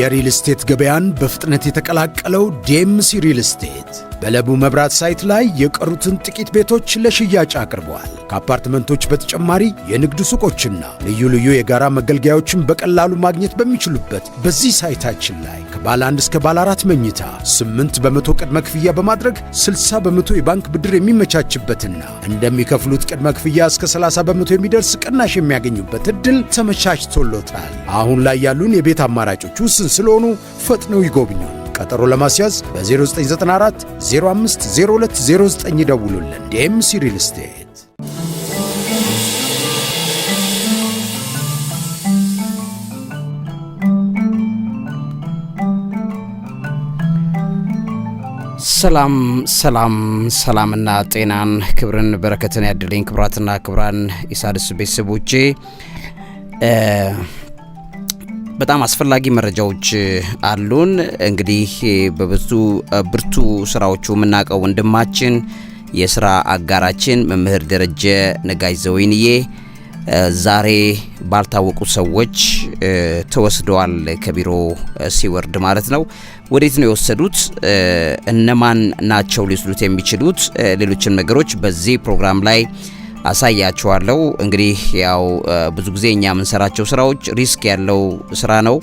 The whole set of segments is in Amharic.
የሪል ስቴት ገበያን በፍጥነት የተቀላቀለው ዴምሲ ሪል ስቴት በለቡ መብራት ሳይት ላይ የቀሩትን ጥቂት ቤቶች ለሽያጭ አቅርበዋል። ከአፓርትመንቶች በተጨማሪ የንግድ ሱቆችና ልዩ ልዩ የጋራ መገልገያዎችን በቀላሉ ማግኘት በሚችሉበት በዚህ ሳይታችን ላይ ከባለ አንድ እስከ ባለ አራት መኝታ 8 በመቶ ቅድመ ክፍያ በማድረግ 60 በመቶ የባንክ ብድር የሚመቻችበትና እንደሚከፍሉት ቅድመ ክፍያ እስከ 30 በመቶ የሚደርስ ቅናሽ የሚያገኙበት እድል ተመቻችቶሎታል። አሁን ላይ ያሉን የቤት አማራጮች ውስን ስለሆኑ ፈጥነው ይጎብኙ። ቀጠሮ ለማስያዝ በ0994 05 0209 ይደውሉልን። ዲኤምሲ ሪል ስቴት። ሰላም ሰላም ሰላምና ጤናን ክብርን በረከትን ያድልኝ ክብራትና ክብራን ኢሳድስ ቤተሰቦቼ በጣም አስፈላጊ መረጃዎች አሉን። እንግዲህ በብዙ ብርቱ ስራዎቹ የምናውቀው ወንድማችን የስራ አጋራችን መምህር ደረጀ ነጋጅ ዘወይንዬ ዛሬ ባልታወቁ ሰዎች ተወስደዋል። ከቢሮ ሲወርድ ማለት ነው። ወዴት ነው የወሰዱት? እነማን ናቸው ሊወስዱት የሚችሉት? ሌሎችም ነገሮች በዚህ ፕሮግራም ላይ አሳያችኋለሁ። እንግዲህ ያው ብዙ ጊዜ እኛ የምንሰራቸው ስራዎች ሪስክ ያለው ስራ ነው።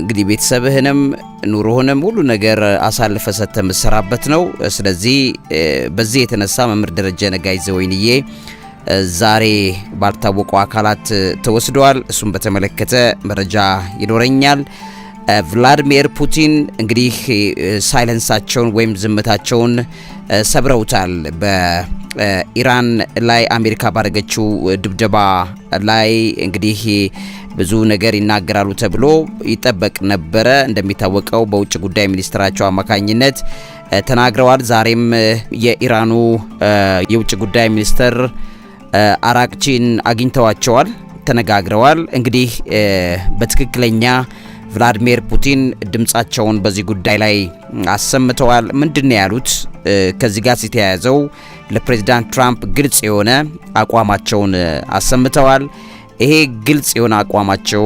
እንግዲህ ቤተሰብህንም ኑሮህንም ሁሉ ነገር አሳልፈ ሰጥተህ የምትሰራበት ነው። ስለዚህ በዚህ የተነሳ መምህር ደረጀ ነጋይ ወይንዬ ዛሬ ባልታወቁ አካላት ተወስደዋል። እሱም በተመለከተ መረጃ ይኖረኛል። ቭላዲሚር ፑቲን እንግዲህ ሳይለንሳቸውን ወይም ዝምታቸውን ሰብረውታል በ ኢራን ላይ አሜሪካ ባደረገችው ድብደባ ላይ እንግዲህ ብዙ ነገር ይናገራሉ ተብሎ ይጠበቅ ነበረ። እንደሚታወቀው በውጭ ጉዳይ ሚኒስትራቸው አማካኝነት ተናግረዋል። ዛሬም የኢራኑ የውጭ ጉዳይ ሚኒስትር አራቅቺን አግኝተዋቸዋል፣ ተነጋግረዋል። እንግዲህ በትክክለኛ ቭላድሚር ፑቲን ድምጻቸውን በዚህ ጉዳይ ላይ አሰምተዋል። ምንድን ነው ያሉት? ከዚህ ጋር ሲተያያዘው ለፕሬዚዳንት ትራምፕ ግልጽ የሆነ አቋማቸውን አሰምተዋል። ይሄ ግልጽ የሆነ አቋማቸው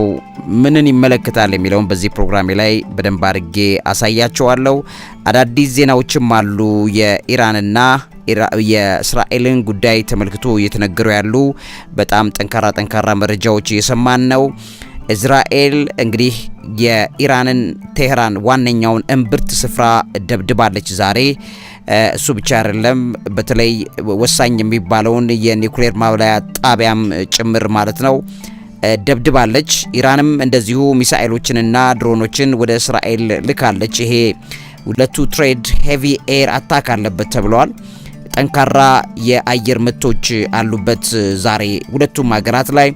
ምንን ይመለከታል የሚለውን በዚህ ፕሮግራሜ ላይ በደንብ አድርጌ አሳያቸዋለሁ። አዳዲስ ዜናዎችም አሉ። የኢራንና የእስራኤልን ጉዳይ ተመልክቶ እየተነገሩ ያሉ በጣም ጠንካራ ጠንካራ መረጃዎች እየሰማን ነው። እስራኤል እንግዲህ የኢራንን ቴህራን ዋነኛውን እምብርት ስፍራ ደብድባለች ዛሬ እሱ ብቻ አይደለም፣ በተለይ ወሳኝ የሚባለውን የኒውክሌር ማብላያ ጣቢያም ጭምር ማለት ነው ደብድባለች። ኢራንም እንደዚሁ ሚሳኤሎችንና ድሮኖችን ወደ እስራኤል ልካለች። ይሄ ሁለቱ ትሬድ ሄቪ ኤር አታክ አለበት ተብለዋል። ጠንካራ የአየር ምቶች አሉበት ዛሬ ሁለቱም ሀገራት ላይ።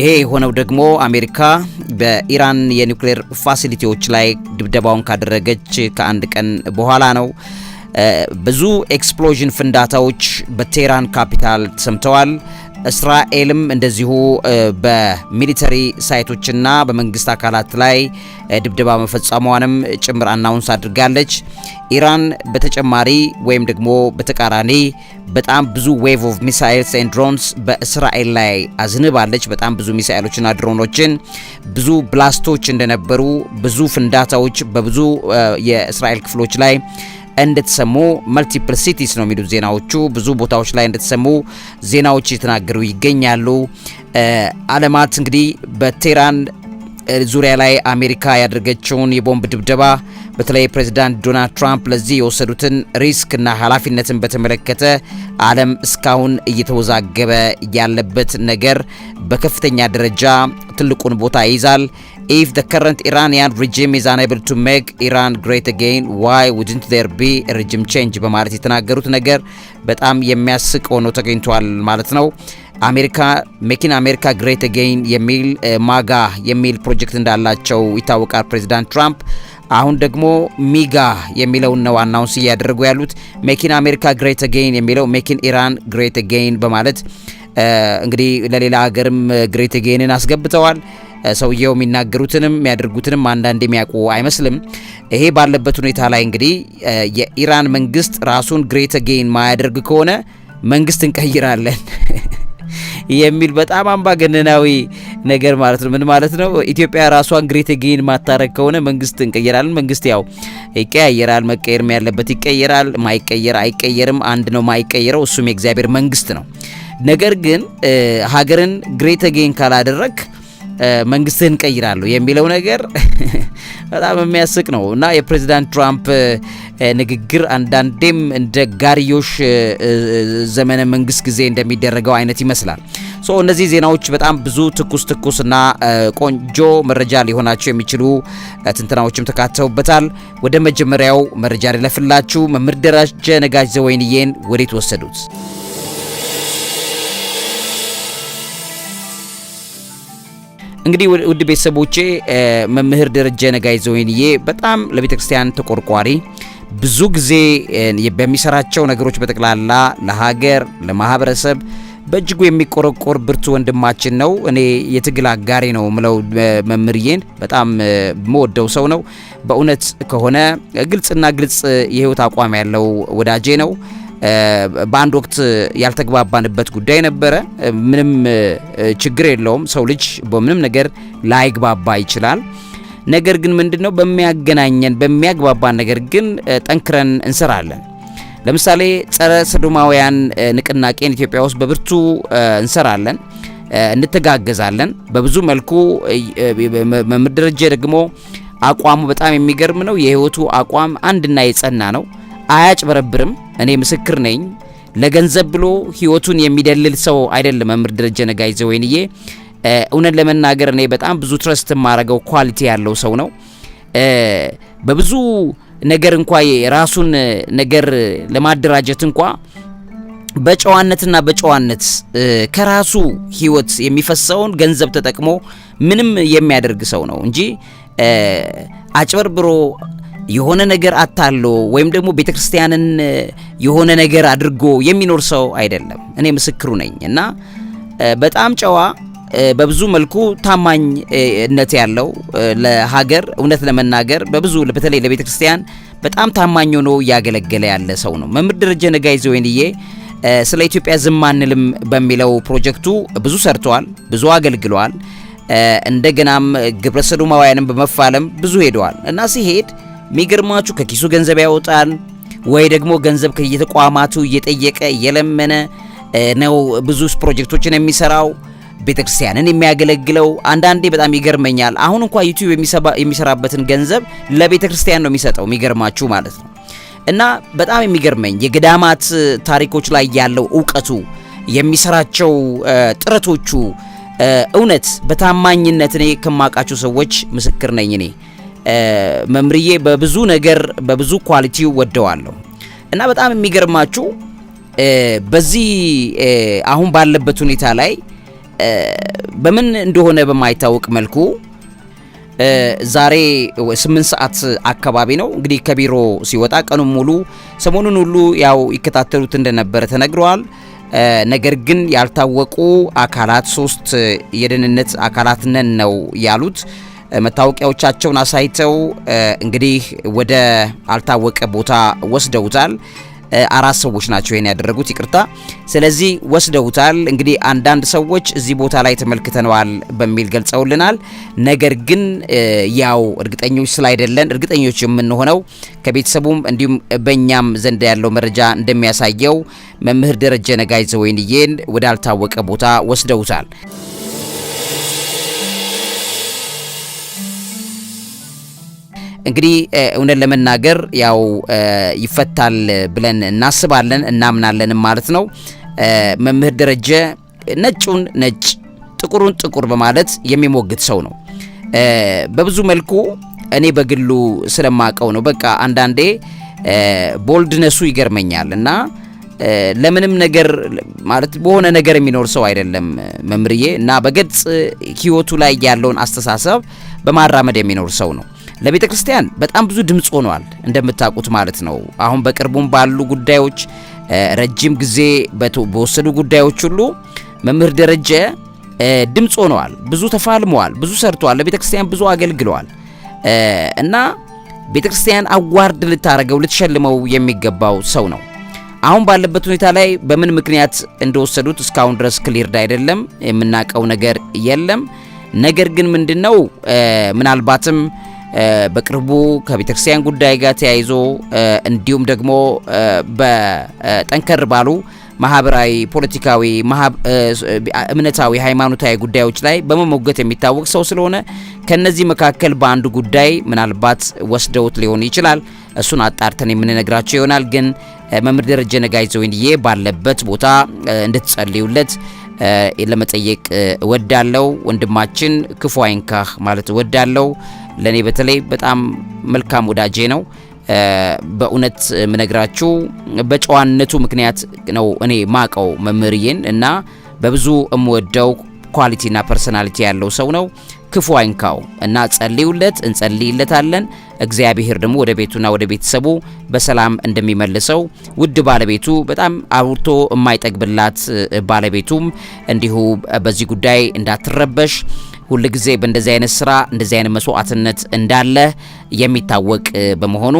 ይሄ የሆነው ደግሞ አሜሪካ በኢራን የኒውክሌር ፋሲሊቲዎች ላይ ድብደባውን ካደረገች ከአንድ ቀን በኋላ ነው። ብዙ ኤክስፕሎዥን ፍንዳታዎች በቴራን ካፒታል ተሰምተዋል። እስራኤልም እንደዚሁ በሚሊተሪ ሳይቶችና በመንግስት አካላት ላይ ድብደባ መፈጸሟንም ጭምር አናውንስ አድርጋለች። ኢራን በተጨማሪ ወይም ደግሞ በተቃራኒ በጣም ብዙ ዌቭ ኦፍ ሚሳይልስ ኤንድ ድሮንስ በእስራኤል ላይ አዝንባለች። በጣም ብዙ ሚሳይሎችና ድሮኖችን፣ ብዙ ብላስቶች እንደነበሩ፣ ብዙ ፍንዳታዎች በብዙ የእስራኤል ክፍሎች ላይ እንደተሰሙ መልቲፕል ሲቲስ ነው የሚሉት ዜናዎቹ። ብዙ ቦታዎች ላይ እንደተሰሙ ዜናዎች እየተናገሩ ይገኛሉ። አለማት እንግዲህ በቴራን ዙሪያ ላይ አሜሪካ ያደረገችውን የቦምብ ድብደባ በተለይ ፕሬዚዳንት ዶናልድ ትራምፕ ለዚህ የወሰዱትን ሪስክ እና ኃላፊነትን በተመለከተ ዓለም እስካሁን እየተወዛገበ ያለበት ነገር በከፍተኛ ደረጃ ትልቁን ቦታ ይይዛል። If the current Iranian regime is unable to make Iran great again, why wouldn't there be a regime change? በማለት የተናገሩት ነገር በጣም የሚያስቅ ሆኖ ተገኝቷል ማለት ነው። አሜሪካ ሜኪን አሜሪካ ግሬት አጌን የሚል ማጋ የሚል ፕሮጀክት እንዳላቸው ይታወቃል ፕሬዚዳንት ትራምፕ። አሁን ደግሞ ሚጋ የሚለውን ነው አናውንስ እያደረጉ ያሉት። ሜኪን አሜሪካ ግሬት አጌን የሚለው ሜኪን ኢራን ግሬት አጌን በማለት እንግዲህ ለሌላ ሀገርም ግሬት አጌንን አስገብተዋል። ሰውየው የሚናገሩትንም የሚያደርጉትንም አንዳንድ የሚያውቁ አይመስልም። ይሄ ባለበት ሁኔታ ላይ እንግዲህ የኢራን መንግስት ራሱን ግሬት ጌን ማያደርግ ከሆነ መንግስት እንቀይራለን የሚል በጣም አምባገነናዊ ነገር ማለት ነው። ምን ማለት ነው? ኢትዮጵያ ራሷን ግሬት ጌን ማታረግ ከሆነ መንግስት እንቀይራለን። መንግስት ያው ይቀያየራል። መቀየርም ያለበት ይቀየራል። ማይቀየር አይቀየርም። አንድ ነው ማይቀየረው፣ እሱም የእግዚአብሔር መንግስት ነው። ነገር ግን ሀገርን ግሬት ጌን ካላደረግ መንግስትህን ቀይራለሁ የሚለው ነገር በጣም የሚያስቅ ነው እና የፕሬዚዳንት ትራምፕ ንግግር አንዳንዴም እንደ ጋርዮሽ ዘመነ መንግስት ጊዜ እንደሚደረገው አይነት ይመስላል። ሶ እነዚህ ዜናዎች በጣም ብዙ ትኩስ ትኩስና ቆንጆ መረጃ ሊሆናቸው የሚችሉ ትንተናዎችም ተካተውበታል። ወደ መጀመሪያው መረጃ ሊለፍላችሁ መምህር ደረጀ ዘወይንዬን ወዴት ወሰዱት? እንግዲህ ውድ ቤተሰቦቼ መምህር ደረጀ ይዘ ዘወይንዬ በጣም ለቤተ ክርስቲያን ተቆርቋሪ ብዙ ጊዜ በሚሰራቸው ነገሮች በጠቅላላ ለሀገር፣ ለማህበረሰብ በእጅጉ የሚቆረቆር ብርቱ ወንድማችን ነው። እኔ የትግል አጋሪ ነው ምለው መምህርዬን በጣም የምወደው ሰው ነው። በእውነት ከሆነ ግልጽና ግልጽ የህይወት አቋም ያለው ወዳጄ ነው። በአንድ ወቅት ያልተግባባንበት ጉዳይ ነበረ። ምንም ችግር የለውም። ሰው ልጅ በምንም ነገር ላይግባባ ይችላል። ነገር ግን ምንድነው በሚያገናኘን በሚያግባባን ነገር ግን ጠንክረን እንሰራለን። ለምሳሌ ጸረ ሰዶማውያን ንቅናቄን ኢትዮጵያ ውስጥ በብርቱ እንሰራለን፣ እንተጋገዛለን በብዙ መልኩ። መምህር ደረጀ ደግሞ አቋሙ በጣም የሚገርም ነው። የህይወቱ አቋም አንድና የጸና ነው። አያጭበረብርም። እኔ ምስክር ነኝ። ለገንዘብ ብሎ ህይወቱን የሚደልል ሰው አይደለም መምህር ደረጀ ነጋይ ዘወይንዬ። እውነት ለመናገር እኔ በጣም ብዙ ትረስት የማረገው ኳሊቲ ያለው ሰው ነው። በብዙ ነገር እንኳ የራሱን ነገር ለማደራጀት እንኳ በጨዋነትና በጨዋነት ከራሱ ህይወት የሚፈሰውን ገንዘብ ተጠቅሞ ምንም የሚያደርግ ሰው ነው እንጂ አጭበርብሮ የሆነ ነገር አታሎ ወይም ደግሞ ቤተክርስቲያንን የሆነ ነገር አድርጎ የሚኖር ሰው አይደለም። እኔ ምስክሩ ነኝ እና በጣም ጨዋ በብዙ መልኩ ታማኝነት ያለው ለሀገር እውነት ለመናገር በብዙ በተለይ ለቤተ ክርስቲያን በጣም ታማኝ ሆኖ እያገለገለ ያለ ሰው ነው። መምህር ደረጀ ይዘ ወይንዬ ስለ ኢትዮጵያ ዝም አንልም በሚለው ፕሮጀክቱ ብዙ ሰርተዋል፣ ብዙ አገልግለዋል። እንደገናም ግብረ ሰዶማውያንም በመፋለም ብዙ ሄደዋል እና ሲሄድ የሚገርማችሁ ከኪሱ ገንዘብ ያወጣል ወይ ደግሞ ገንዘብ ከየተቋማቱ እየጠየቀ እየለመነ ነው ብዙ ፕሮጀክቶችን የሚሰራው ቤተክርስቲያንን የሚያገለግለው። አንዳንዴ በጣም ይገርመኛል። አሁን እንኳ ዩቲዩብ የሚሰራበትን ገንዘብ ለቤተክርስቲያን ነው የሚሰጠው። የሚገርማችሁ ማለት ነው። እና በጣም የሚገርመኝ የገዳማት ታሪኮች ላይ ያለው እውቀቱ፣ የሚሰራቸው ጥረቶቹ እውነት በታማኝነት እኔ ከማውቃቸው ሰዎች ምስክር ነኝ እኔ መምርዬ በብዙ ነገር በብዙ ኳሊቲ ወደዋለሁ እና በጣም የሚገርማችሁ በዚህ አሁን ባለበት ሁኔታ ላይ በምን እንደሆነ በማይታወቅ መልኩ ዛሬ ስምንት ሰዓት አካባቢ ነው እንግዲህ ከቢሮ ሲወጣ ቀኑን ሙሉ ሰሞኑን ሁሉ ያው ይከታተሉት እንደነበረ ተነግረዋል። ነገር ግን ያልታወቁ አካላት ሶስት የደህንነት አካላት ነን ነው ያሉት መታወቂያዎቻቸውን አሳይተው እንግዲህ ወደ አልታወቀ ቦታ ወስደውታል። አራት ሰዎች ናቸው ይሄን ያደረጉት፣ ይቅርታ። ስለዚህ ወስደውታል። እንግዲህ አንዳንድ ሰዎች እዚህ ቦታ ላይ ተመልክተነዋል በሚል ገልጸውልናል። ነገር ግን ያው እርግጠኞች ስላይደለን እርግጠኞች የምንሆነው ከቤተሰቡም እንዲሁም በእኛም ዘንድ ያለው መረጃ እንደሚያሳየው መምህር ደረጀ ነጋይዘ ወይንዬን ወደ አልታወቀ ቦታ ወስደውታል። እንግዲህ እውነት ለመናገር ያው ይፈታል ብለን እናስባለን እናምናለንም ማለት ነው። መምህር ደረጀ ነጩን ነጭ ጥቁሩን ጥቁር በማለት የሚሞግት ሰው ነው። በብዙ መልኩ እኔ በግሉ ስለማቀው ነው። በቃ አንዳንዴ ቦልድነሱ ይገርመኛል እና ለምንም ነገር ማለት በሆነ ነገር የሚኖር ሰው አይደለም መምርዬ እና በገጽ ህይወቱ ላይ ያለውን አስተሳሰብ በማራመድ የሚኖር ሰው ነው። ለቤተ ክርስቲያን በጣም ብዙ ድምፅ ሆኗል እንደምታውቁት ማለት ነው። አሁን በቅርቡም ባሉ ጉዳዮች ረጅም ጊዜ በወሰዱ ጉዳዮች ሁሉ መምህር ደረጀ ድምፅ ሆነዋል። ብዙ ተፋልመዋል፣ ብዙ ሰርተዋል፣ ለቤተ ክርስቲያን ብዙ አገልግለዋል እና ቤተ ክርስቲያን አዋርድ ልታደርገው ልትሸልመው የሚገባው ሰው ነው። አሁን ባለበት ሁኔታ ላይ በምን ምክንያት እንደወሰዱት እስካሁን ድረስ ክሊርድ አይደለም፣ የምናውቀው ነገር የለም። ነገር ግን ምንድነው ምናልባትም በቅርቡ ከቤተክርስቲያን ጉዳይ ጋር ተያይዞ እንዲሁም ደግሞ በጠንከር ባሉ ማህበራዊ፣ ፖለቲካዊ፣ እምነታዊ፣ ሃይማኖታዊ ጉዳዮች ላይ በመሞገት የሚታወቅ ሰው ስለሆነ ከነዚህ መካከል በአንዱ ጉዳይ ምናልባት ወስደውት ሊሆን ይችላል። እሱን አጣርተን የምንነግራቸው ይሆናል። ግን መምህር ደረጀ ነጋይዘ ዘወይንዬ ባለበት ቦታ እንድትጸልዩለት ለመጠየቅ እወዳለው። ወንድማችን ክፉ አይንካህ ማለት እወዳለው። ለእኔ በተለይ በጣም መልካም ወዳጄ ነው። በእውነት ምነግራችሁ በጨዋነቱ ምክንያት ነው እኔ ማቀው መምህርዬን እና በብዙ እምወደው ኳሊቲና ፐርሰናሊቲ ያለው ሰው ነው። ክፉ አይንካው እና ጸልዩለት፣ እንጸልይለታለን። እግዚአብሔር ደግሞ ወደ ቤቱና ወደ ቤተሰቡ በሰላም እንደሚመልሰው ውድ ባለቤቱ በጣም አውርቶ የማይጠግብላት ባለቤቱም እንዲሁ በዚህ ጉዳይ እንዳትረበሽ ጊዜ በእንደዚህ አይነት ስራ እንደዚህ አይነት መስዋዕትነት እንዳለ የሚታወቅ በመሆኑ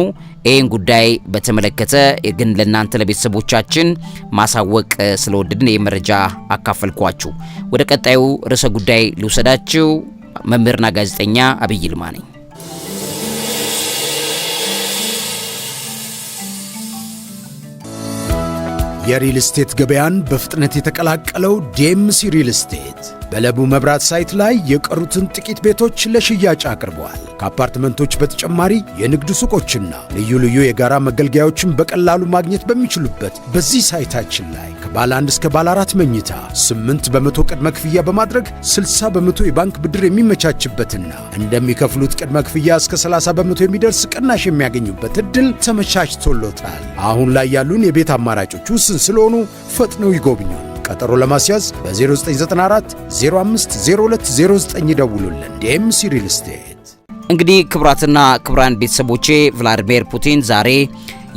ይህን ጉዳይ በተመለከተ ግን ለእናንተ ለቤተሰቦቻችን ማሳወቅ ስለወደድን ይህ መረጃ አካፈልኳችሁ። ወደ ቀጣዩ ርዕሰ ጉዳይ ልውሰዳችሁ። መምህርና ጋዜጠኛ አብይ ይልማ ነኝ። የሪል ስቴት ገበያን በፍጥነት የተቀላቀለው ዴምሲ ሪል ስቴት በለቡ መብራት ሳይት ላይ የቀሩትን ጥቂት ቤቶች ለሽያጭ አቅርበዋል። ከአፓርትመንቶች በተጨማሪ የንግድ ሱቆችና ልዩ ልዩ የጋራ መገልገያዎችን በቀላሉ ማግኘት በሚችሉበት በዚህ ሳይታችን ላይ ከባለ አንድ እስከ ባለ አራት መኝታ 8 በመቶ ቅድመ ክፍያ በማድረግ 60 በመቶ የባንክ ብድር የሚመቻችበትና እንደሚከፍሉት ቅድመ ክፍያ እስከ 30 በመቶ የሚደርስ ቅናሽ የሚያገኙበት እድል ተመቻችቶሎታል። አሁን ላይ ያሉን የቤት አማራጮች ውስን ስለሆኑ ፈጥነው ይጎብኙን። ቀጠሮ ለማስያዝ በ0994 05 0209 ይደውሉልን። ዲኤምሲ ሪል ስቴት። እንግዲህ ክቡራትና ክቡራን ቤተሰቦቼ ቭላዲሚር ፑቲን ዛሬ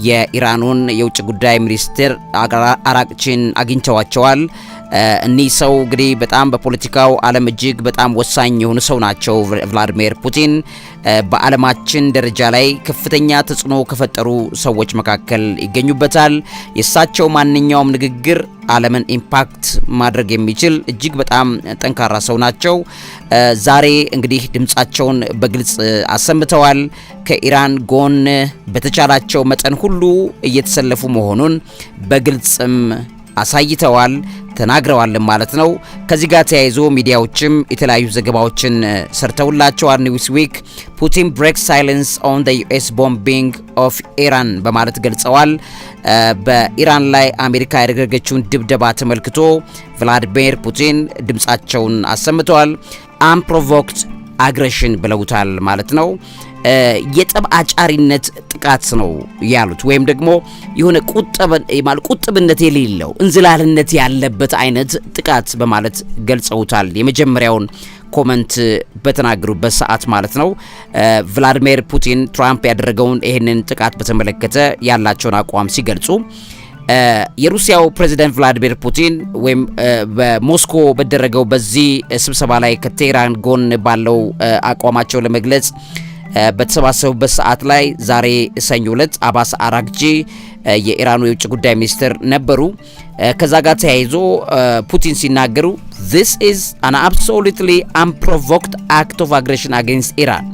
የኢራኑን የውጭ ጉዳይ ሚኒስትር አራቅቺን አግኝተዋቸዋል። እኒህ ሰው እንግዲህ በጣም በፖለቲካው ዓለም እጅግ በጣም ወሳኝ የሆኑ ሰው ናቸው። ቭላድሚር ፑቲን በዓለማችን ደረጃ ላይ ከፍተኛ ተጽዕኖ ከፈጠሩ ሰዎች መካከል ይገኙበታል። የእሳቸው ማንኛውም ንግግር ዓለምን ኢምፓክት ማድረግ የሚችል እጅግ በጣም ጠንካራ ሰው ናቸው። ዛሬ እንግዲህ ድምፃቸውን በግልጽ አሰምተዋል። ከኢራን ጎን በተቻላቸው መጠን ሁሉ እየተሰለፉ መሆኑን በግልጽም አሳይተዋል። ተናግረዋል ማለት ነው። ከዚህ ጋር ተያይዞ ሚዲያዎችም የተለያዩ ዘገባዎችን ሰርተውላቸዋል። ዊክ ፑቲን ብሬክ ሳይለንስ ኦን ደ ዩኤስ ቦምቢንግ ኦፍ ኢራን በማለት ገልጸዋል። በኢራን ላይ አሜሪካ ያደረገችውን ድብደባ ተመልክቶ ቭላዲሚር ፑቲን ድምፃቸውን አሰምተዋል። አንፕሮቮክድ አግሬሽን ብለውታል ማለት ነው። የጠብ አጫሪነት ጥቃት ነው ያሉት። ወይም ደግሞ የሆነ ቁጥብነት የሌለው እንዝላልነት ያለበት አይነት ጥቃት በማለት ገልጸውታል። የመጀመሪያውን ኮመንት በተናገሩበት ሰዓት ማለት ነው። ቭላዲሚር ፑቲን ትራምፕ ያደረገውን ይህንን ጥቃት በተመለከተ ያላቸውን አቋም ሲገልጹ የሩሲያው ፕሬዚደንት ቭላዲሚር ፑቲን ወይም በሞስኮ በደረገው በዚህ ስብሰባ ላይ ከቴህራን ጎን ባለው አቋማቸው ለመግለጽ በተሰባሰቡበት ሰዓት ላይ ዛሬ ሰኞ ዕለት አባስ አራግጂ የኢራኑ የውጭ ጉዳይ ሚኒስትር ነበሩ። ከዛ ጋር ተያይዞ ፑቲን ሲናገሩ ዚስ ኢዝ አን አብሶሉትሊ አንፕሮቮክድ አክት ኦፍ አግሬሽን አጌንስት ኢራን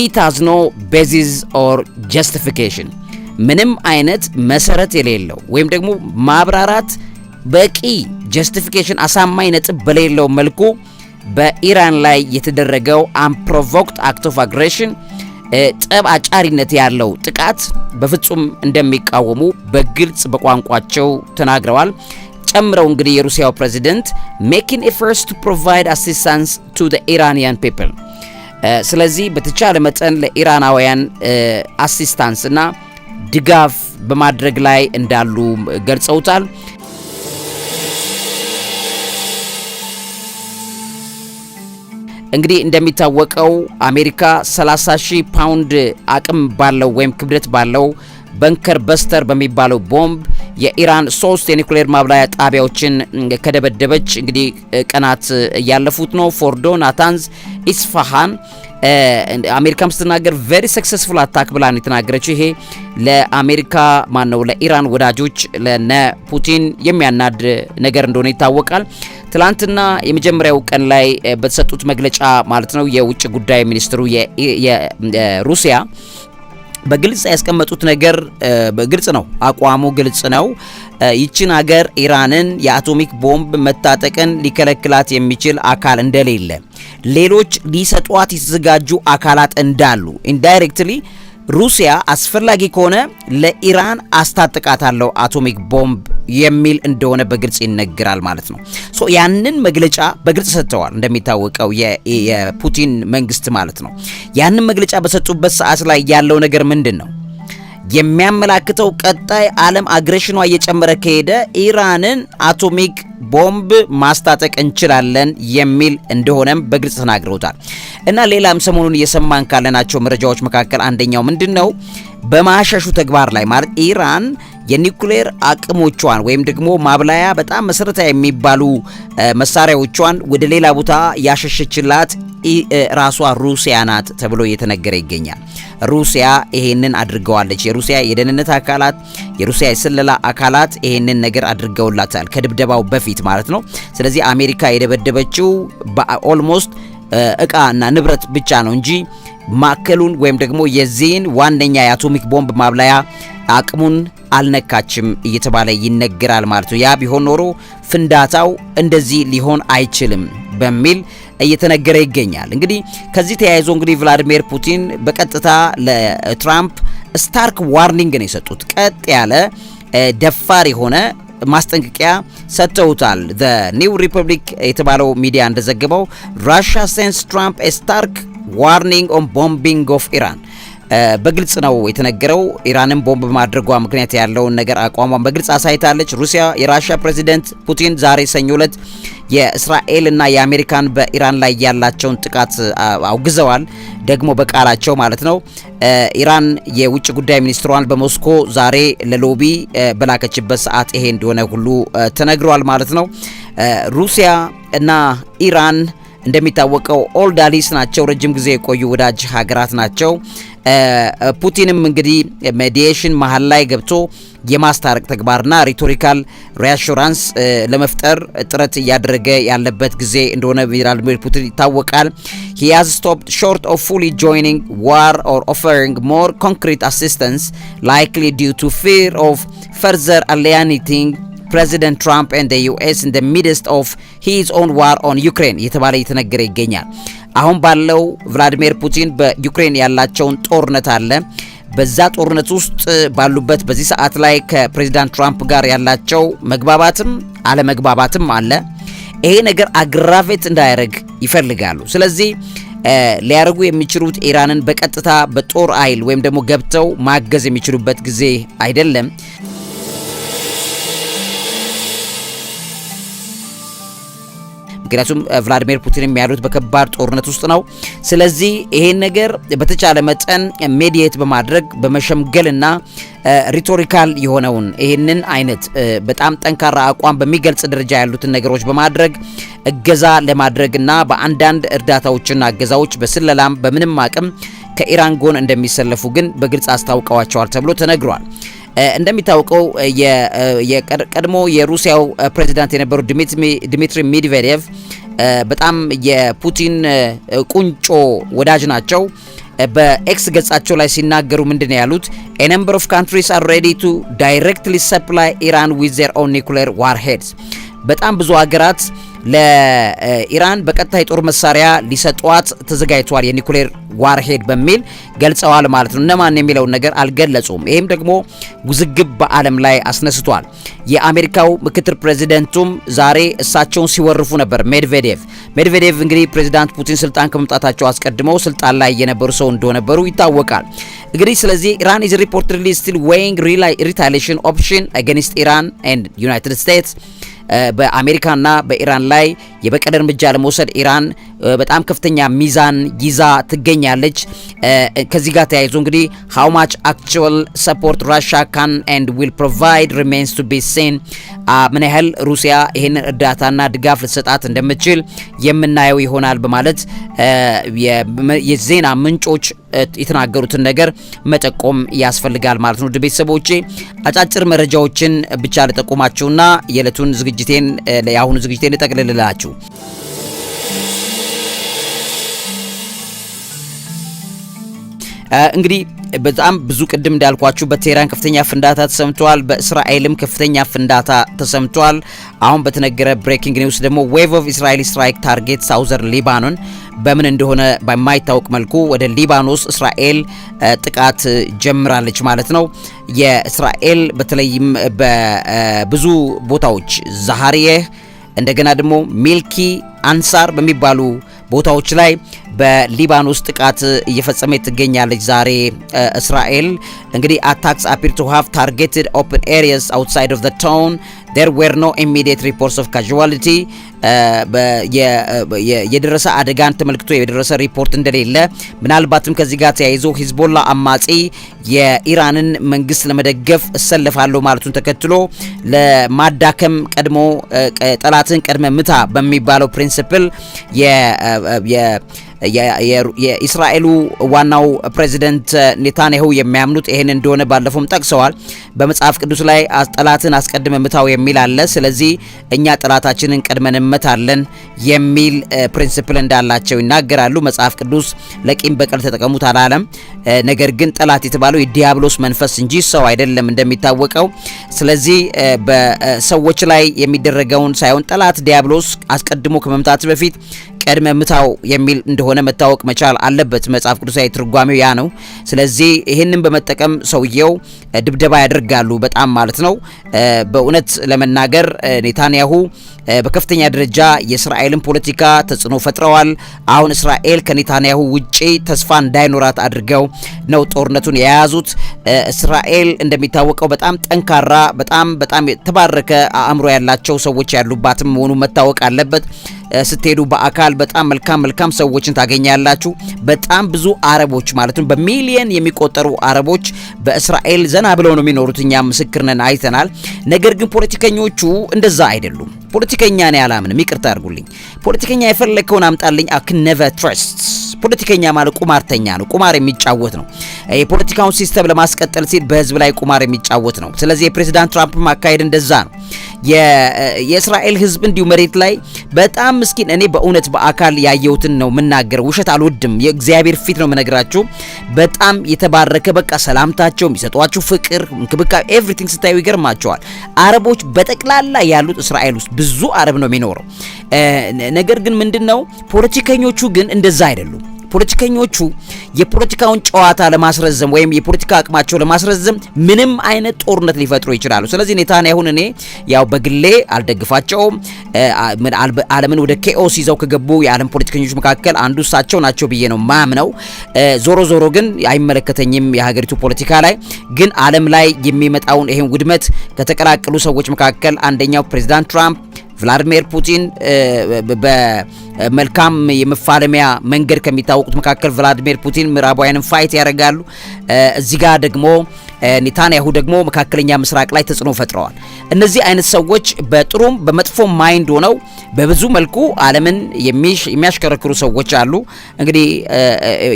ኢት ሃዝ ኖ ቤዚስ ኦር ጀስቲፊኬሽን ምንም አይነት መሰረት የሌለው ወይም ደግሞ ማብራራት በቂ ጀስቲፊኬሽን አሳማኝ ነጥብ በሌለው መልኩ በኢራን ላይ የተደረገው አንፕሮቮክድ አክት ኦፍ አግሬሽን ጠብ አጫሪነት ያለው ጥቃት በፍጹም እንደሚቃወሙ በግልጽ በቋንቋቸው ተናግረዋል። ጨምረው እንግዲህ የሩሲያው ፕሬዚደንት ሜኪንግ ኤፈርትስ ቱ ፕሮቫይድ አሲስታንስ ቱ ኢራንያን ፒፕል፣ ስለዚህ በተቻለ መጠን ለኢራናውያን አሲስታንስ እና ድጋፍ በማድረግ ላይ እንዳሉ ገልጸውታል። እንግዲህ እንደሚታወቀው አሜሪካ 30 ሺህ ፓውንድ አቅም ባለው ወይም ክብደት ባለው በንከር በስተር በሚባለው ቦምብ የኢራን ሶስት የኒኩሌር ማብላያ ጣቢያዎችን ከደበደበች እንግዲህ ቀናት እያለፉት ነው። ፎርዶ፣ ናታንዝ፣ ኢስፋሃን አሜሪካም ስትናገር ቨሪ ሰክሰስፉል አታክ ብላ ነው የተናገረችው። ይሄ ለአሜሪካ ማነው ለኢራን ወዳጆች ለነ ፑቲን የሚያናድ ነገር እንደሆነ ይታወቃል። ትላንትና የመጀመሪያው ቀን ላይ በተሰጡት መግለጫ ማለት ነው የውጭ ጉዳይ ሚኒስትሩ የሩሲያ በግልጽ ያስቀመጡት ነገር በግልጽ ነው። አቋሙ ግልጽ ነው። ይችን ሀገር ኢራንን የአቶሚክ ቦምብ መታጠቅን ሊከለክላት የሚችል አካል እንደሌለ፣ ሌሎች ሊሰጧት የተዘጋጁ አካላት እንዳሉ ኢንዳይሬክትሊ ሩሲያ አስፈላጊ ከሆነ ለኢራን አስታጥቃታለሁ አቶሚክ ቦምብ የሚል እንደሆነ በግልጽ ይነግራል ማለት ነው። ሶ ያንን መግለጫ በግልጽ ሰጥተዋል። እንደሚታወቀው የፑቲን መንግስት ማለት ነው። ያንን መግለጫ በሰጡበት ሰዓት ላይ ያለው ነገር ምንድን ነው? የሚያመላክተው ቀጣይ ዓለም አግሬሽኗ እየጨመረ ከሄደ ኢራንን አቶሚክ ቦምብ ማስታጠቅ እንችላለን የሚል እንደሆነም በግልጽ ተናግረውታል። እና ሌላም ሰሞኑን እየሰማን ካለናቸው መረጃዎች መካከል አንደኛው ምንድን ነው? በማሻሹ ተግባር ላይ ማለት ኢራን የኒኩሌር አቅሞቿን ወይም ደግሞ ማብላያ በጣም መሰረታዊ የሚባሉ መሳሪያዎቿን ወደ ሌላ ቦታ ያሸሸችላት ራሷ ሩሲያ ናት ተብሎ እየተነገረ ይገኛል። ሩሲያ ይሄንን አድርገዋለች። የሩሲያ የደህንነት አካላት፣ የሩሲያ የስለላ አካላት ይሄንን ነገር አድርገውላታል፣ ከድብደባው በፊት ማለት ነው። ስለዚህ አሜሪካ የደበደበችው በኦልሞስት እቃ እና ንብረት ብቻ ነው እንጂ ማዕከሉን ወይም ደግሞ የዚህን ዋነኛ የአቶሚክ ቦምብ ማብላያ አቅሙን አልነካችም እየተባለ ይነገራል ማለት ነው። ያ ቢሆን ኖሮ ፍንዳታው እንደዚህ ሊሆን አይችልም በሚል እየተነገረ ይገኛል። እንግዲህ ከዚህ ተያይዞ እንግዲህ ቭላዲሚር ፑቲን በቀጥታ ለትራምፕ ስታርክ ዋርኒንግ ነው የሰጡት። ቀጥ ያለ ደፋር የሆነ ማስጠንቀቂያ ሰጥተውታል። ዘ ኒው ሪፐብሊክ የተባለው ሚዲያ እንደዘገበው ራሽያ ሴንስ ትራምፕ ስታርክ ዋርኒንግ ኦን ቦምቢንግ ኦፍ ኢራን በግልጽ ነው የተነገረው። ኢራንን ቦምብ በማድረጓ ምክንያት ያለውን ነገር አቋሟን በግልጽ አሳይታለች። ሩሲያ የራሽያ ፕሬዚደንት ፑቲን ዛሬ ሰኞ ዕለት የእስራኤልና የአሜሪካን በኢራን ላይ ያላቸውን ጥቃት አውግዘዋል። ደግሞ በቃላቸው ማለት ነው። ኢራን የውጭ ጉዳይ ሚኒስትሯን በሞስኮ ዛሬ ለሎቢ በላከችበት ሰዓት ይሄ እንደሆነ ሁሉ ተነግሯል ማለት ነው። ሩሲያ እና ኢራን እንደሚታወቀው ኦልድ አሊስ ናቸው። ረጅም ጊዜ የቆዩ ወዳጅ ሀገራት ናቸው። ፑቲንም እንግዲህ ሜዲሽን መሀል ላይ ገብቶ የማስታረቅ ተግባርና ሪቶሪካል ሪአሹራንስ ለመፍጠር ጥረት እያደረገ ያለበት ጊዜ እንደሆነ ቪላድሚር ፑቲን ይታወቃል። ሂ ሃዝ ስቶፕድ ሾርት ኦፍ ፉሊ ጆይኒንግ ዋር ኦር ኦፈሪንግ ሞር ኮንክሪት አሲስታንስ ላይክሊ ዲው ቱ ፊር ኦፍ ፈርዘር አሊያኒቲንግ ፕሬዚደንት ትራምፕ ኤንድ ዩኤስ ኢን ሚድስት ኦፍ ሂዝ ኦን ዋር ኦን ዩክሬን የተባለ እየተነገረ ይገኛል። አሁን ባለው ቭላዲሚር ፑቲን በዩክሬን ያላቸውን ጦርነት አለ በዛ ጦርነት ውስጥ ባሉበት በዚህ ሰዓት ላይ ከፕሬዚዳንት ትራምፕ ጋር ያላቸው መግባባትም አለመግባባትም አለ። ይሄ ነገር አግራቬት እንዳያደርግ ይፈልጋሉ። ስለዚህ ሊያደርጉ የሚችሉት ኢራንን በቀጥታ በጦር ኃይል ወይም ደግሞ ገብተው ማገዝ የሚችሉበት ጊዜ አይደለም። ምክንያቱም ቭላዲሚር ፑቲን የሚያሉት በከባድ ጦርነት ውስጥ ነው። ስለዚህ ይሄን ነገር በተቻለ መጠን ሜዲየት በማድረግ በመሸምገልና ሪቶሪካል የሆነውን ይህንን አይነት በጣም ጠንካራ አቋም በሚገልጽ ደረጃ ያሉትን ነገሮች በማድረግ እገዛ ለማድረግና በአንዳንድ እርዳታዎችና እገዛዎች በስለላም በምንም አቅም ከኢራን ጎን እንደሚሰለፉ ግን በግልጽ አስታውቀዋቸዋል ተብሎ ተነግሯል። እንደሚታወቀው የቀድሞ የሩሲያው ፕሬዚዳንት የነበሩ ድሚትሪ ሜድቬዴቭ በጣም የፑቲን ቁንጮ ወዳጅ ናቸው። በኤክስ ገጻቸው ላይ ሲናገሩ ምንድን ያሉት? a number of countries are ready to directly supply Iran with their own በጣም ብዙ ሀገራት ለኢራን በቀጥታ የጦር መሳሪያ ሊሰጧት ተዘጋጅቷል የኒኩሌር ዋርሄድ በሚል ገልጸዋል ማለት ነው። እነማን የሚለውን ነገር አልገለጹም። ይህም ደግሞ ውዝግብ በዓለም ላይ አስነስቷል። የአሜሪካው ምክትል ፕሬዚደንቱም ዛሬ እሳቸውን ሲወርፉ ነበር። ሜድቬዴቭ ሜድቬዴቭ እንግዲህ ፕሬዚዳንት ፑቲን ስልጣን ከመምጣታቸው አስቀድመው ስልጣን ላይ የነበሩ ሰው እንደነበሩ ይታወቃል። እንግዲህ ስለዚህ ኢራን ኢዝ ሪፖርትድሊ ስቲል ዌይንግ ሪታሊሽን ኦፕሽን አገንስት ኢራን ኤንድ ዩናይትድ ስቴትስ በአሜሪካና በኢራን ላይ የበቀል እርምጃ ለመውሰድ ኢራን በጣም ከፍተኛ ሚዛን ይዛ ትገኛለች። ከዚህ ጋር ተያይዞ እንግዲህ ሀው ማች actual ሰፖርት ራሻ ካን and ዊል ፕሮቫይድ ሪሜንስ ቱ be ምን ያህል ሩሲያ ይህንን እርዳታና ድጋፍ ልትሰጣት እንደምትችል የምናየው ይሆናል በማለት የዜና ምንጮች የተናገሩትን ነገር መጠቆም ያስፈልጋል ማለት ነው። ውድ ቤተሰቦቼ አጫጭር መረጃዎችን ብቻ ልጠቁማችሁና የዕለቱን ዝግጅቴን የአሁኑ ዝግጅቴን ልጠቅልልላችሁ። እንግዲህ በጣም ብዙ ቅድም እንዳልኳችሁ በቴህራን ከፍተኛ ፍንዳታ ተሰምቷል። በእስራኤልም ከፍተኛ ፍንዳታ ተሰምቷል። አሁን በተነገረ ብሬኪንግ ኒውስ ደግሞ ዌቭ ኦፍ እስራኤል ስትራይክ ታርጌት ሳውዘር ሊባኖን በምን እንደሆነ በማይታወቅ መልኩ ወደ ሊባኖስ እስራኤል ጥቃት ጀምራለች ማለት ነው። የእስራኤል በተለይም በብዙ ቦታዎች ዛሃሪየህ እንደገና ደግሞ ሚልኪ አንሳር በሚባሉ ቦታዎች ላይ በሊባኖስ ጥቃት እየፈጸመች ትገኛለች። ዛሬ እስራኤል እንግዲህ አታክስ አፒር ቱ ሃቭ ታርጌትድ ኦፕን ኤሪያስ አውትሳይድ ኦፍ ዘ ታውን ዴር ዌር ኖ ኢሚዲየት ሪፖርትስ ኦፍ ካዡዋሊቲ የደረሰ አደጋን ተመልክቶ የደረሰ ሪፖርት እንደሌለ ምናልባትም ከዚህ ጋር ተያይዞ ሂዝቦላ አማጺ የኢራንን መንግስት ለመደገፍ እሰልፋለሁ ማለቱን ተከትሎ ለማዳከም ቀድሞ ጠላትን ቀድመ ምታ በሚባለው ፕሪንስፕል የእስራኤሉ ዋናው ፕሬዚደንት ኔታንያሁ የሚያምኑት ይህን እንደሆነ ባለፈውም ጠቅሰዋል። በመጽሐፍ ቅዱስ ላይ ጠላትን አስቀድመ ምታው የሚል አለ። ስለዚህ እኛ ጠላታችንን ቀድመን እንመታለን የሚል ፕሪንስፕል እንዳላቸው ይናገራሉ። መጽሐፍ ቅዱስ ለቂም በቀል ተጠቀሙት አላለም። ነገር ግን ጠላት የተባለው የዲያብሎስ መንፈስ እንጂ ሰው አይደለም እንደሚታወቀው። ስለዚህ በሰዎች ላይ የሚደረገውን ሳይሆን ጠላት ዲያብሎስ አስቀድሞ ከመምታት በፊት ቀድመ ምታው የሚል እንደሆነ መታወቅ መቻል አለበት። መጽሐፍ ቅዱሳዊ ትርጓሜው ያ ነው። ስለዚህ ይህንን በመጠቀም ሰውየው ድብደባ ያደርጋሉ፣ በጣም ማለት ነው። በእውነት ለመናገር ኔታንያሁ በከፍተኛ ደረጃ የእስራኤልን ፖለቲካ ተጽዕኖ ፈጥረዋል። አሁን እስራኤል ከኔታንያሁ ውጪ ተስፋ እንዳይኖራት አድርገው ነው ጦርነቱን የያዙት። እስራኤል እንደሚታወቀው በጣም ጠንካራ፣ በጣም በጣም የተባረከ አእምሮ ያላቸው ሰዎች ያሉባትም መሆኑ መታወቅ አለበት። ስትሄዱ በአካል በጣም መልካም መልካም ሰዎችን ታገኛላችሁ። በጣም ብዙ አረቦች ነው፣ በሚሊየን የሚቆጠሩ አረቦች በእስራኤል ዘና ብለው ነው የሚኖሩት። እኛ ምስክር ነን፣ አይተናል። ነገር ግን ፖለቲከኞቹ እንደዛ አይደሉም። ፖለቲከኛ እኔ አላምንም፣ ይቅርታ አድርጉልኝ። ፖለቲከኛ የፈለግከውን አምጣልኝ አክነቨ ትረስት ፖለቲከኛ ማለት ቁማርተኛ ነው። ቁማር የሚጫወት ነው። የፖለቲካውን ሲስተም ለማስቀጠል ሲል በህዝብ ላይ ቁማር የሚጫወት ነው። ስለዚህ የፕሬዚዳንት ትራምፕ ማካሄድ እንደዛ ነው። የእስራኤል ህዝብ እንዲሁ መሬት ላይ በጣም ምስኪን። እኔ በእውነት በአካል ያየሁትን ነው የምናገረው፣ ውሸት አልወድም። የእግዚአብሔር ፊት ነው የምነግራችሁ። በጣም የተባረከ በቃ ሰላምታቸው የሚሰጧችሁ ፍቅር፣ እንክብካቤ፣ ኤቭሪቲንግ ስታዩ ይገርማቸዋል። አረቦች በጠቅላላ ያሉት እስራኤል ውስጥ ብዙ አረብ ነው የሚኖረው። ነገር ግን ምንድን ነው ፖለቲከኞቹ ግን እንደዛ አይደሉም። ፖለቲከኞቹ የፖለቲካውን ጨዋታ ለማስረዘም ወይም የፖለቲካ አቅማቸው ለማስረዘም ምንም አይነት ጦርነት ሊፈጥሩ ይችላሉ። ስለዚህ ኔታንያሁን እኔ ያው በግሌ አልደግፋቸውም። ዓለምን ወደ ኬኦስ ይዘው ከገቡ የዓለም ፖለቲከኞች መካከል አንዱ እሳቸው ናቸው ብዬ ነው ማምነው። ዞሮ ዞሮ ግን አይመለከተኝም የሀገሪቱ ፖለቲካ ላይ ግን ዓለም ላይ የሚመጣውን ይሄን ውድመት ከተቀላቀሉ ሰዎች መካከል አንደኛው ፕሬዚዳንት ትራምፕ ቭላዲሚር ፑቲን በመልካም የመፋለሚያ መንገድ ከሚታወቁት መካከል ቭላዲሚር ፑቲን ምዕራባውያንን ፋይት ያደርጋሉ። እዚህ ጋር ደግሞ ኔታንያሁ ደግሞ መካከለኛ ምስራቅ ላይ ተጽዕኖ ፈጥረዋል። እነዚህ አይነት ሰዎች በጥሩም በመጥፎ ማይንድ ሆነው በብዙ መልኩ ዓለምን የሚያሽከረክሩ ሰዎች አሉ። እንግዲህ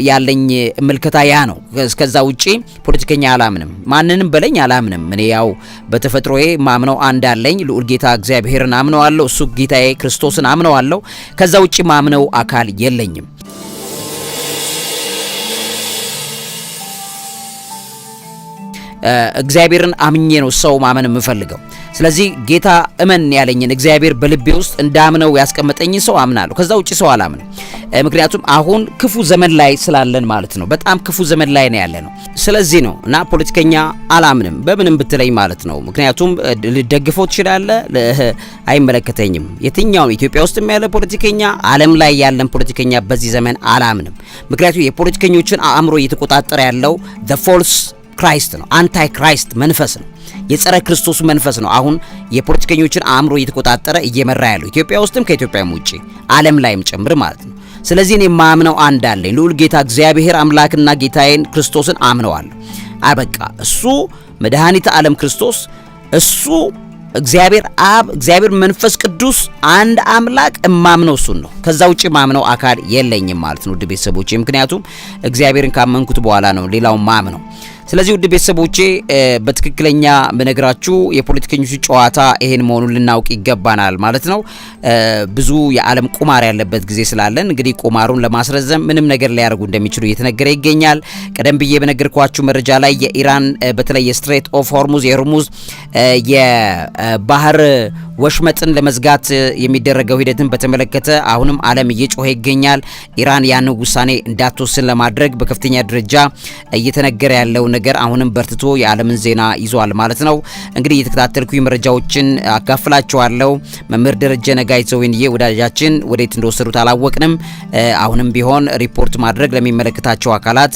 ያለኝ ምልከታ ያ ነው። እስከዛ ውጪ ፖለቲከኛ አላምንም፣ ማንንም በለኝ አላምንም። እኔ ያው በተፈጥሮዬ ማምነው አንድ አለኝ፣ ልዑል ጌታ እግዚአብሔርን አምነዋለሁ፣ እሱ ጌታዬ ክርስቶስን አምነዋለሁ። ከዛ ውጪ ማምነው አካል የለኝም። እግዚአብሔርን አምኜ ነው ሰው ማመን የምፈልገው። ስለዚህ ጌታ እመን ያለኝን እግዚአብሔር በልቤ ውስጥ እንዳምነው ያስቀመጠኝን ሰው አምናለሁ። ከዛ ውጭ ሰው አላምንም። ምክንያቱም አሁን ክፉ ዘመን ላይ ስላለን ማለት ነው። በጣም ክፉ ዘመን ላይ ነው ያለ ነው። ስለዚህ ነው እና ፖለቲከኛ አላምንም በምንም ብትለኝ ማለት ነው። ምክንያቱም ልደግፈው ትችላለ፣ አይመለከተኝም። የትኛውም ኢትዮጵያ ውስጥም ያለ ፖለቲከኛ፣ ዓለም ላይ ያለን ፖለቲከኛ በዚህ ዘመን አላምንም። ምክንያቱም የፖለቲከኞችን አእምሮ እየተቆጣጠረ ያለው ፎልስ ክራይስት ነው። አንታይ ክራይስት መንፈስ ነው። የጸረ ክርስቶስ መንፈስ ነው። አሁን የፖለቲከኞችን አእምሮ እየተቆጣጠረ እየመራ ያለው ኢትዮጵያ ውስጥም ከኢትዮጵያም ውጪ ዓለም ላይም ጭምር ማለት ነው። ስለዚህ እኔ ማምነው አንድ አለኝ ልዑል ጌታ እግዚአብሔር አምላክና ጌታዬን ክርስቶስን አምነዋለሁ። አበቃ። እሱ መድኃኒተ ዓለም ክርስቶስ እሱ እግዚአብሔር አብ፣ እግዚአብሔር መንፈስ ቅዱስ አንድ አምላክ እማምነው እሱን ነው። ከዛ ውጪ ማምነው አካል የለኝም ማለት ነው ውድ ቤተሰቦቼ። ምክንያቱም እግዚአብሔርን ካመንኩት በኋላ ነው ሌላውን ማምነው ስለዚህ ውድ ቤተሰቦቼ በትክክለኛ በነግራችሁ የፖለቲከኞች ጨዋታ ይሄን መሆኑን ልናውቅ ይገባናል ማለት ነው። ብዙ የዓለም ቁማር ያለበት ጊዜ ስላለን እንግዲህ ቁማሩን ለማስረዘም ምንም ነገር ሊያደርጉ እንደሚችሉ እየተነገረ ይገኛል። ቀደም ብዬ በነገርኳችሁ መረጃ ላይ የኢራን በተለይ የስትሬት ኦፍ ሆርሙዝ የሆርሙዝ የባህር ወሽመጥን ለመዝጋት የሚደረገው ሂደትን በተመለከተ አሁንም ዓለም እየጮኸ ይገኛል። ኢራን ያንን ውሳኔ እንዳትወስን ለማድረግ በከፍተኛ ደረጃ እየተነገረ ያለውን ነገር አሁንም በርትቶ የዓለምን ዜና ይዟል ማለት ነው። እንግዲህ የተከታተልኩኝ መረጃዎችን አካፍላችኋለሁ። መምህር ደረጀ ነጋይ ዘወይንዬ ወዳጃችን ወዴት እንደወሰዱት አላወቅንም። አሁንም ቢሆን ሪፖርት ማድረግ ለሚመለከታቸው አካላት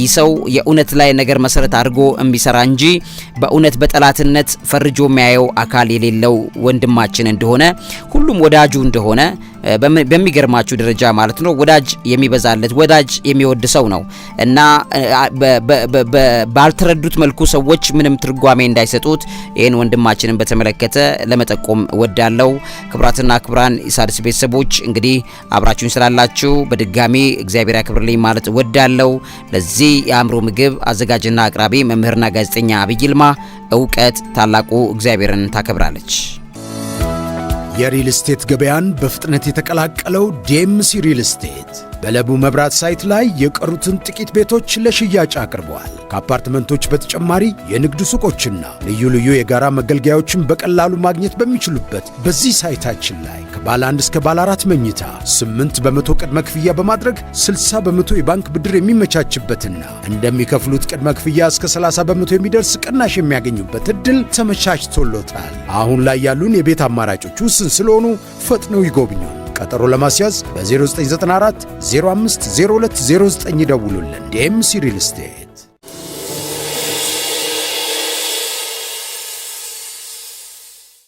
ይህ ሰው የእውነት ላይ ነገር መሰረት አድርጎ የሚሰራ እንጂ በእውነት በጠላትነት ፈርጆ የሚያየው አካል የሌለው ወንድማችን እንደሆነ ሁሉም ወዳጁ እንደሆነ በሚገርማችሁ ደረጃ ማለት ነው ወዳጅ የሚበዛለት ወዳጅ የሚወድ ሰው ነው እና ባልተረዱት መልኩ ሰዎች ምንም ትርጓሜ እንዳይሰጡት ይህን ወንድማችንን በተመለከተ ለመጠቆም ወዳለው። ክብራትና ክብራን የሣድስ ቤተሰቦች እንግዲህ አብራችሁን ስላላችሁ በድጋሚ እግዚአብሔር ያክብርልኝ ማለት ወዳለው። ለዚህ የአእምሮ ምግብ አዘጋጅና አቅራቢ መምህርና ጋዜጠኛ አብይ ይልማ እውቀት ታላቁ እግዚአብሔርን ታከብራለች። የሪል ስቴት ገበያን በፍጥነት የተቀላቀለው ዴምሲ ሪል ስቴት በለቡ መብራት ሳይት ላይ የቀሩትን ጥቂት ቤቶች ለሽያጭ አቅርበዋል። ከአፓርትመንቶች በተጨማሪ የንግድ ሱቆችና ልዩ ልዩ የጋራ መገልገያዎችን በቀላሉ ማግኘት በሚችሉበት በዚህ ሳይታችን ላይ ከባለ አንድ እስከ ባለ አራት መኝታ 8 በመቶ ቅድመ ክፍያ በማድረግ 60 በመቶ የባንክ ብድር የሚመቻችበትና እንደሚከፍሉት ቅድመ ክፍያ እስከ 30 በመቶ የሚደርስ ቅናሽ የሚያገኙበት እድል ተመቻችቶሎታል። አሁን ላይ ያሉን የቤት አማራጮች ውስን ስለሆኑ ፈጥነው ይጎብኙ። ቀጠሮ ለማስያዝ በ0994 050209 ይደውሉልን። ዲኤምሲ ሪል ስቴት